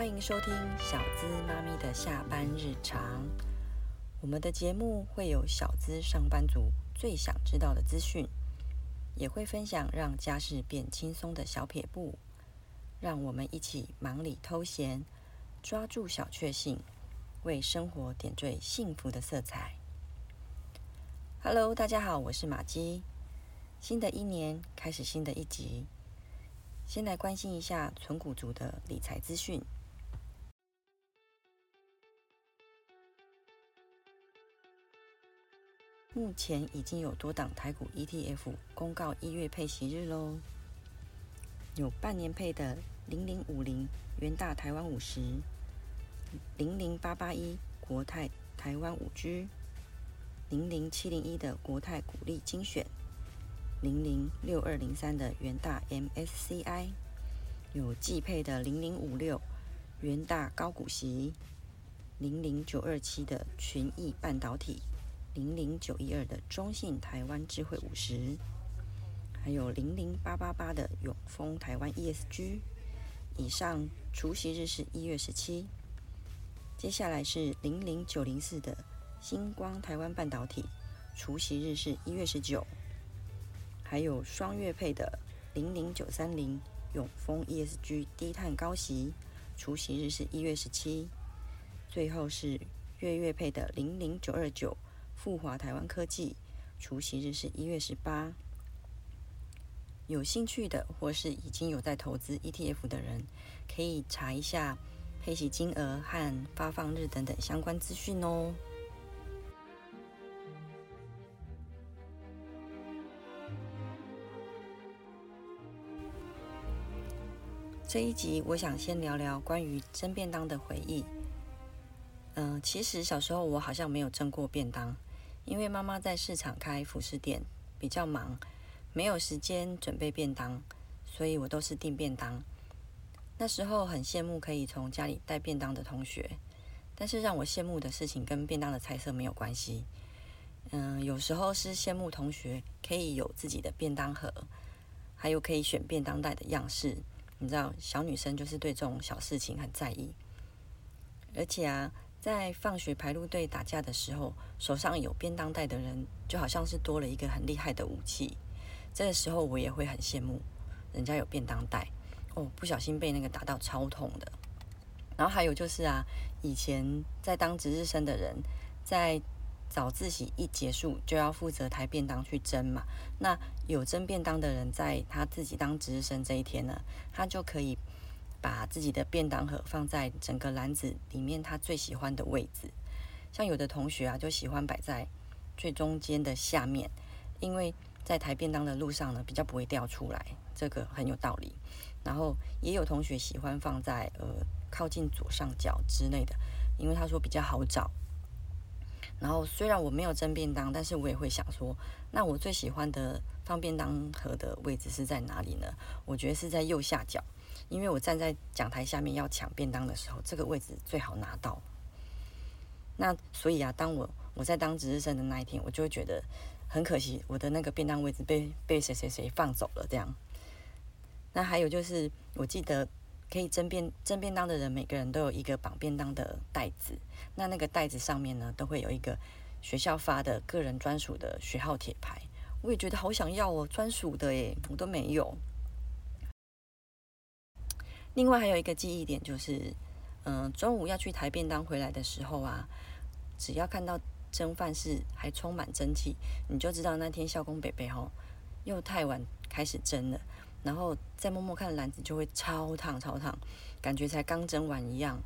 歡迎收聽小資媽咪的下班日常。我們的節目會有小資上班族最想知道的資訊，也會分享讓家事變輕鬆的小撇步，讓我們一起忙裡偷閒，抓住小確幸，為生活點綴幸福的色彩。Hello，大家好，我是瑪姬。新的一年開始，新的一集，先來關心一下存股族的理財資訊。目前已經有多檔台股 ETF 公告一月配息日嘍，有半年配的零零五零元大台灣五十，零零八八一國泰台灣五 G，零零七零一的國泰股利精選，零零六二零三的元大 MSCI，有季配的零零五六元大高股息，零零九二七的群益半導體。零零九一二的中信台灣智慧五十，還有零零八八八的永豐台灣 ESG，以上除息日是一月十七。接下來是零零九零四的新光台灣半導體，除息日是一月十九。還有雙月配的零零九三零永豐 ESG 低碳高息，除息日是一月十七。最後是月月配的零零九二九。復華台灣科技除息日是一月十八，有興趣的或是已經有在投資 ETF 的人，可以查一下配息金額和發放日等等相關資訊哦。這一集我想先聊聊關於蒸便當的回憶。嗯、呃，其實小時候我好像沒有蒸過便當。因為媽媽在市場開服飾店，比較忙，沒有時間準備便當，所以我都是訂便當。那時候很羨慕可以從家裡帶便當的同學，但是讓我羨慕的事情跟便當的菜色沒有關係。嗯、呃，有時候是羨慕同學可以有自己的便當盒，還有可以選便當袋的樣式。你知道，小女生就是對這種小事情很在意，而且啊。在放學排路隊打架的時候，手上有便當袋的人就好像是多了一個很厲害的武器。這個時候我也會很羨慕人家有便當袋。哦，不小心被那個打到超痛的。然後還有就是啊，以前在當值日生的人，在早自習一結束就要負責抬便當去蒸嘛。那有蒸便當的人在他自己當值日生這一天呢，他就可以。把自己的便當盒放在整個籃子裡面，他最喜歡的位置，像有的同學啊就喜歡擺在最中間的下面，因為在抬便當的路上呢比較不會掉出來，這個很有道理。然後也有同學喜歡放在呃靠近左上角之類的，因為他說比較好找。然後雖然我沒有蒸便當，但是我也會想說，那我最喜歡的放便當盒的位置是在哪裡呢？我覺得是在右下角。因為我站在講台下面要搶便當的時候，這個位置最好拿到。那所以啊，當我我在當值日生的那一天，我就會覺得很可惜，我的那個便當位置被被誰誰誰放走了這樣。那還有就是，我記得可以蒸便蒸便當的人，每個人都有一個綁便當的袋子。那那個袋子上面呢，都會有一個學校發的個人專屬的學號鐵牌。我也覺得好想要哦，專屬的耶，我都沒有。另外還有一個記憶點就是，嗯，中午要去抬便當回來的時候啊，只要看到蒸飯是還充滿蒸汽，你就知道那天校工北北吼又太晚開始蒸了。然後再摸摸看籃子就會超燙超燙，感覺才剛蒸完一樣。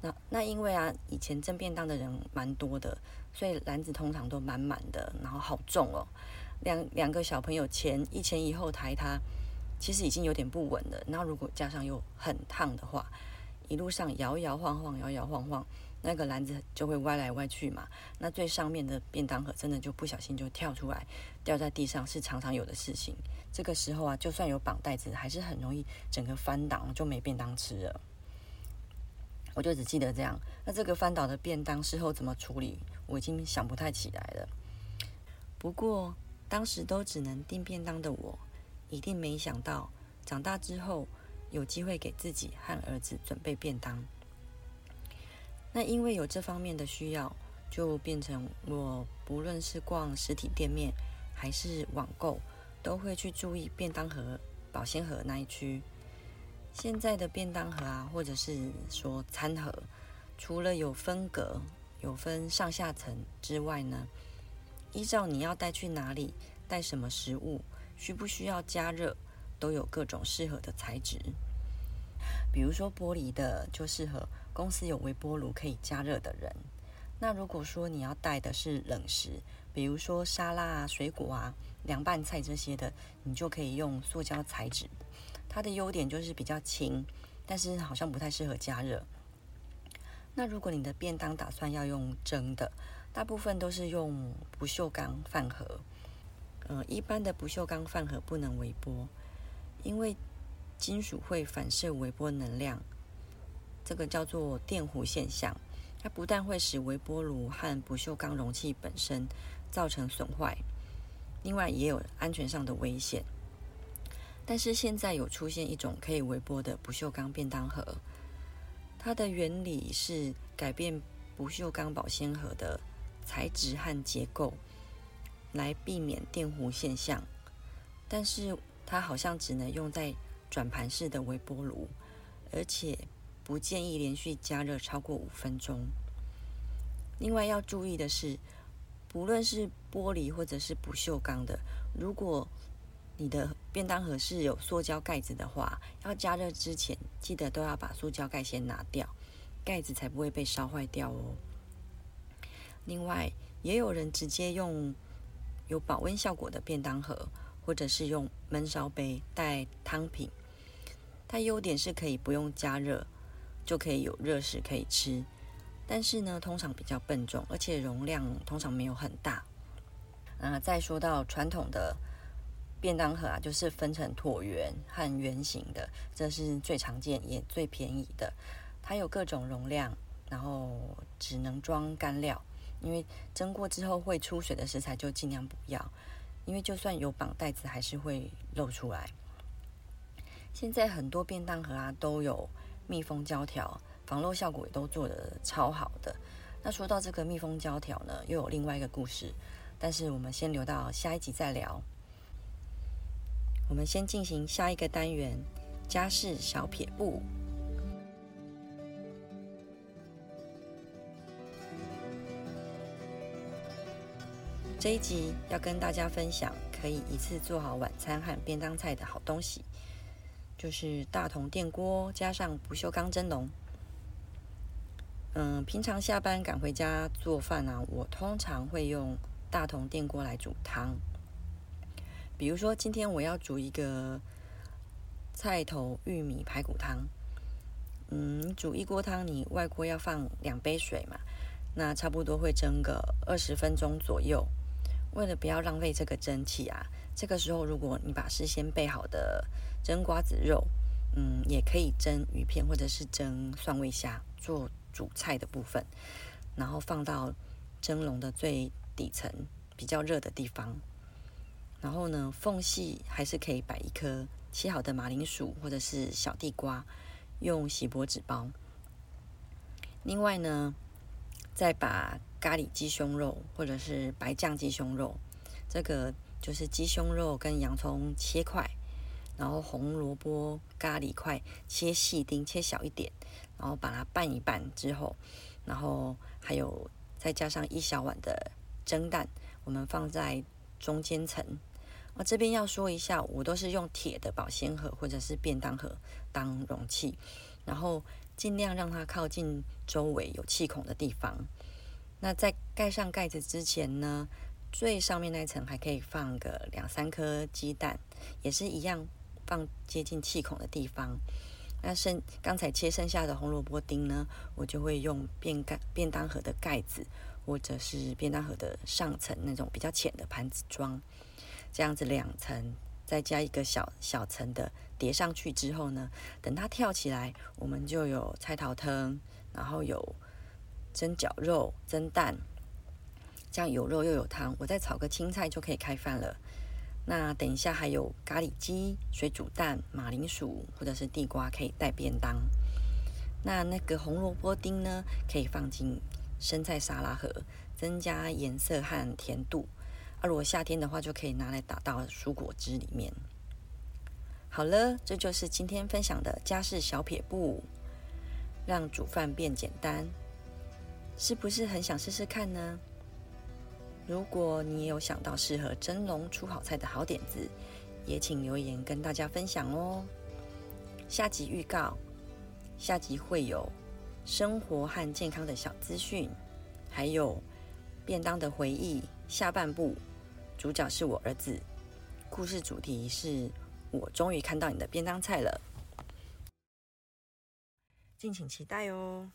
那那因為啊，以前蒸便當的人蠻多的，所以籃子通常都滿滿的，然後好重哦。兩兩個小朋友前一前一後抬它。其實已經有點不穩了，那如果加上又很燙的話，一路上搖搖晃晃，搖搖晃晃，那個籃子就會歪來歪去嘛。那最上面的便當盒真的就不小心就跳出來，掉在地上是常常有的事情。這個時候啊，就算有綁帶子，還是很容易整個翻倒，就沒便當吃了。我就只記得這樣。那這個翻倒的便當事後怎麼處理，我已經想不太起來了。不過當時都只能訂便當的我，一定沒想到，長大之後有機會給自己和兒子準備便當。那因為有這方面的需要，就變成我不論是逛實體店面還是網購，都會去注意便當盒、保鮮盒那一區。現在的便當盒啊，或者是說餐盒，除了有分隔、有分上下層之外呢，依照你要帶去哪裡、帶什麼食物，需不需要加熱，都有各種適合的材質。比如說，玻璃的就適合公司有微波爐可以加熱的人。那如果說你要帶的是冷食，比如說沙拉啊、水果啊、涼拌菜這些的，你就可以用塑膠材質。它的優點就是比較輕，但是好像不太適合加熱。那如果你的便當打算要用蒸的，大部分都是用不銹鋼飯盒。呃，一般的不鏽鋼飯盒不能微波，因為金屬會反射微波能量，這個叫做電弧現象。它不但會使微波爐和不鏽鋼容器本身造成損壞，另外也有安全上的危險。但是現在有出現一種可以微波的不鏽鋼便當盒，它的原理是改變不鏽鋼保鮮盒的材質和結構。來避免電弧現象，但是它好像只能用在轉盤式的微波爐，而且不建議連續加熱超過五分鐘。另外要注意的是，不論是玻璃或者是不鏽鋼的，如果你的便當盒是有塑膠蓋子的話，要加熱之前記得都要把塑膠蓋先拿掉，蓋子才不會被燒壞掉哦。另外，也有人直接用。有保溫效果的便當盒，或者是用燜燒杯帶湯品，它優點是可以不用加熱就可以有熱食可以吃，但是呢，通常比較笨重，而且容量通常沒有很大。啊，再說到傳統的便當盒啊，就是分成橢圓和圓形的，這是最常見也最便宜的，它有各種容量，然後只能裝乾料。因為蒸過之後會出水的食材就儘量不要，因為就算有綁袋子還是會漏出來。現在很多便當盒啊都有密封膠條，防漏效果也都做得超好的。那說到這個密封膠條呢，又有另外一個故事，但是我們先留到下一集再聊。我們先進行下一個單元：家事小撇步。這一集要跟大家分享可以一次做好晚餐和便當菜的好東西，就是大同電鍋加上不鏽鋼蒸籠。嗯，平常下班趕回家做飯呢、啊，我通常會用大同電鍋來煮湯。比如說，今天我要煮一個菜頭玉米排骨湯。嗯，煮一鍋湯，你外鍋要放兩杯水嘛，那差不多會蒸個二十分鐘左右。為了不要浪費這個蒸汽啊，這個時候如果你把事先備好的蒸瓜子肉，嗯，也可以蒸魚片或者是蒸蒜味蝦做主菜的部分，然後放到蒸籠的最底層比較熱的地方，然後呢，縫隙還是可以擺一顆切好的馬鈴薯或者是小地瓜，用錫箔紙包。另外呢，再把。咖喱雞胸肉，或者是白醬雞胸肉，這個就是雞胸肉跟洋蔥切塊，然後紅蘿蔔咖喱塊切細丁，切小一點，然後把它拌一拌之後，然後還有再加上一小碗的蒸蛋，我們放在中間層。我這邊要說一下，我都是用鐵的保鮮盒或者是便當盒當容器，然後盡量讓它靠近周圍有氣孔的地方。那在蓋上蓋子之前呢，最上面那層還可以放個兩三顆雞蛋，也是一樣放接近氣孔的地方。那剩剛才切剩下的紅蘿蔔丁呢，我就會用便干便當盒的蓋子，或者是便當盒的上層那種比較淺的盤子裝，這樣子兩層再加一個小小層的疊上去之後呢，等它跳起來，我們就有菜頭湯，然後有。蒸絞肉、蒸蛋，這樣有肉又有湯，我再炒個青菜就可以開飯了。那等一下還有咖喱雞、水煮蛋、馬鈴薯或者是地瓜可以帶便當。那那個紅蘿蔔丁呢，可以放進生菜沙拉盒，增加顏色和甜度。而、啊、如果夏天的話，就可以拿來打到蔬果汁裡面。好了，這就是今天分享的家事小撇步，讓煮飯變簡單。是不是很想試試看呢？如果你也有想到適合蒸籠出好菜的好點子，也請留言跟大家分享哦。下集預告：下集會有生活和健康的小資訊，還有便當的回憶。下半部主角是我兒子，故事主題是我終於看到你的便當菜了，敬請期待哦。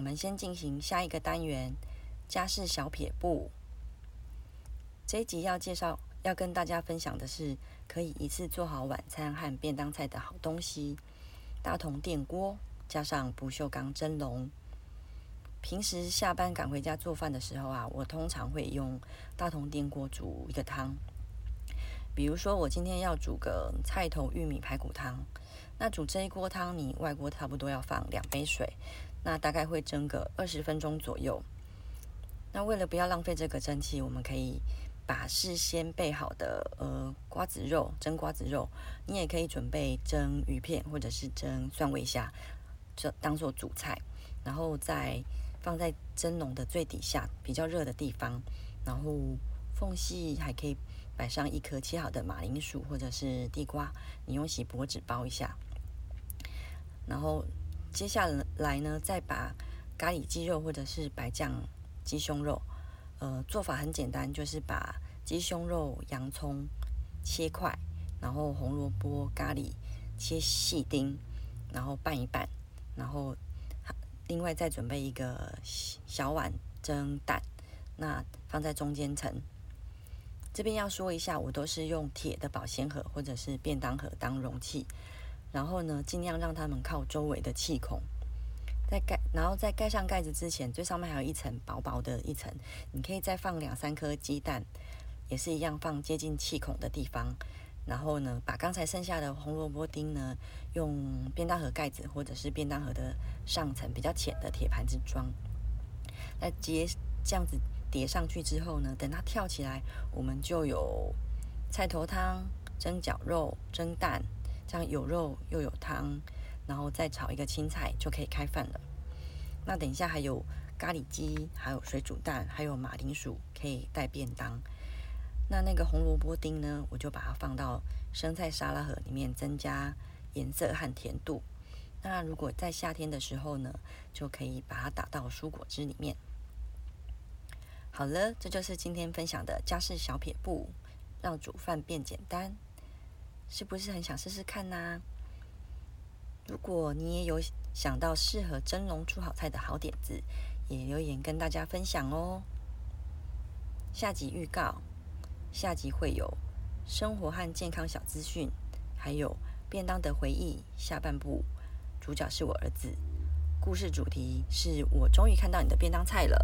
我們先進行下一個單元，家事小撇步。這一集要介紹、要跟大家分享的是，可以一次做好晚餐和便當菜的好東西——大同電鍋加上不鏽鋼蒸籠。平時下班趕回家做飯的時候啊，我通常會用大同電鍋煮一個湯。比如說，我今天要煮個菜頭玉米排骨湯，那煮這一鍋湯，你外鍋差不多要放兩杯水。那大概會蒸個二十分鐘左右。那為了不要浪費這個蒸汽，我們可以把事先備好的呃瓜子肉蒸瓜子肉，你也可以準備蒸魚片或者是蒸蒜味蝦，這當做主菜，然後再放在蒸籠的最底下比較熱的地方，然後縫隙還可以擺上一顆切好的馬鈴薯或者是地瓜，你用錫箔紙包一下，然後接下來呢。來呢，再把咖喱雞肉或者是白醬雞胸肉，呃，做法很簡單，就是把雞胸肉、洋蔥切塊，然後紅蘿蔔咖喱切細丁，然後拌一拌，然後另外再準備一個小碗蒸蛋，那放在中間層。這邊要說一下，我都是用鐵的保鮮盒或者是便當盒當容器，然後呢，盡量讓它們靠周圍的氣孔。在蓋，然後在蓋上蓋子之前，最上面還有一層薄薄的一層，你可以再放兩三顆雞蛋，也是一樣放接近氣孔的地方。然後呢，把剛才剩下的紅蘿蔔丁呢，用便當盒蓋子或者是便當盒的上層比較淺的鐵盤子裝。那接這樣子疊上去之後呢，等它跳起來，我們就有菜頭湯、蒸絞肉、蒸蛋，這樣有肉又有湯。然後再炒一個青菜就可以開飯了。那等一下還有咖喱雞，還有水煮蛋，還有馬鈴薯可以帶便當。那那個紅蘿蔔丁呢，我就把它放到生菜沙拉盒裡面，增加顏色和甜度。那如果在夏天的時候呢，就可以把它打到蔬果汁裡面。好了，這就是今天分享的家事小撇步，讓煮飯變簡單。是不是很想試試看呢？啊？如果你也有想到適合蒸籠煮好菜的好點子，也留言跟大家分享哦！下集預告：下集會有生活和健康小資訊，還有便當的回憶。下半部主角是我兒子，故事主題是我終於看到你的便當菜了。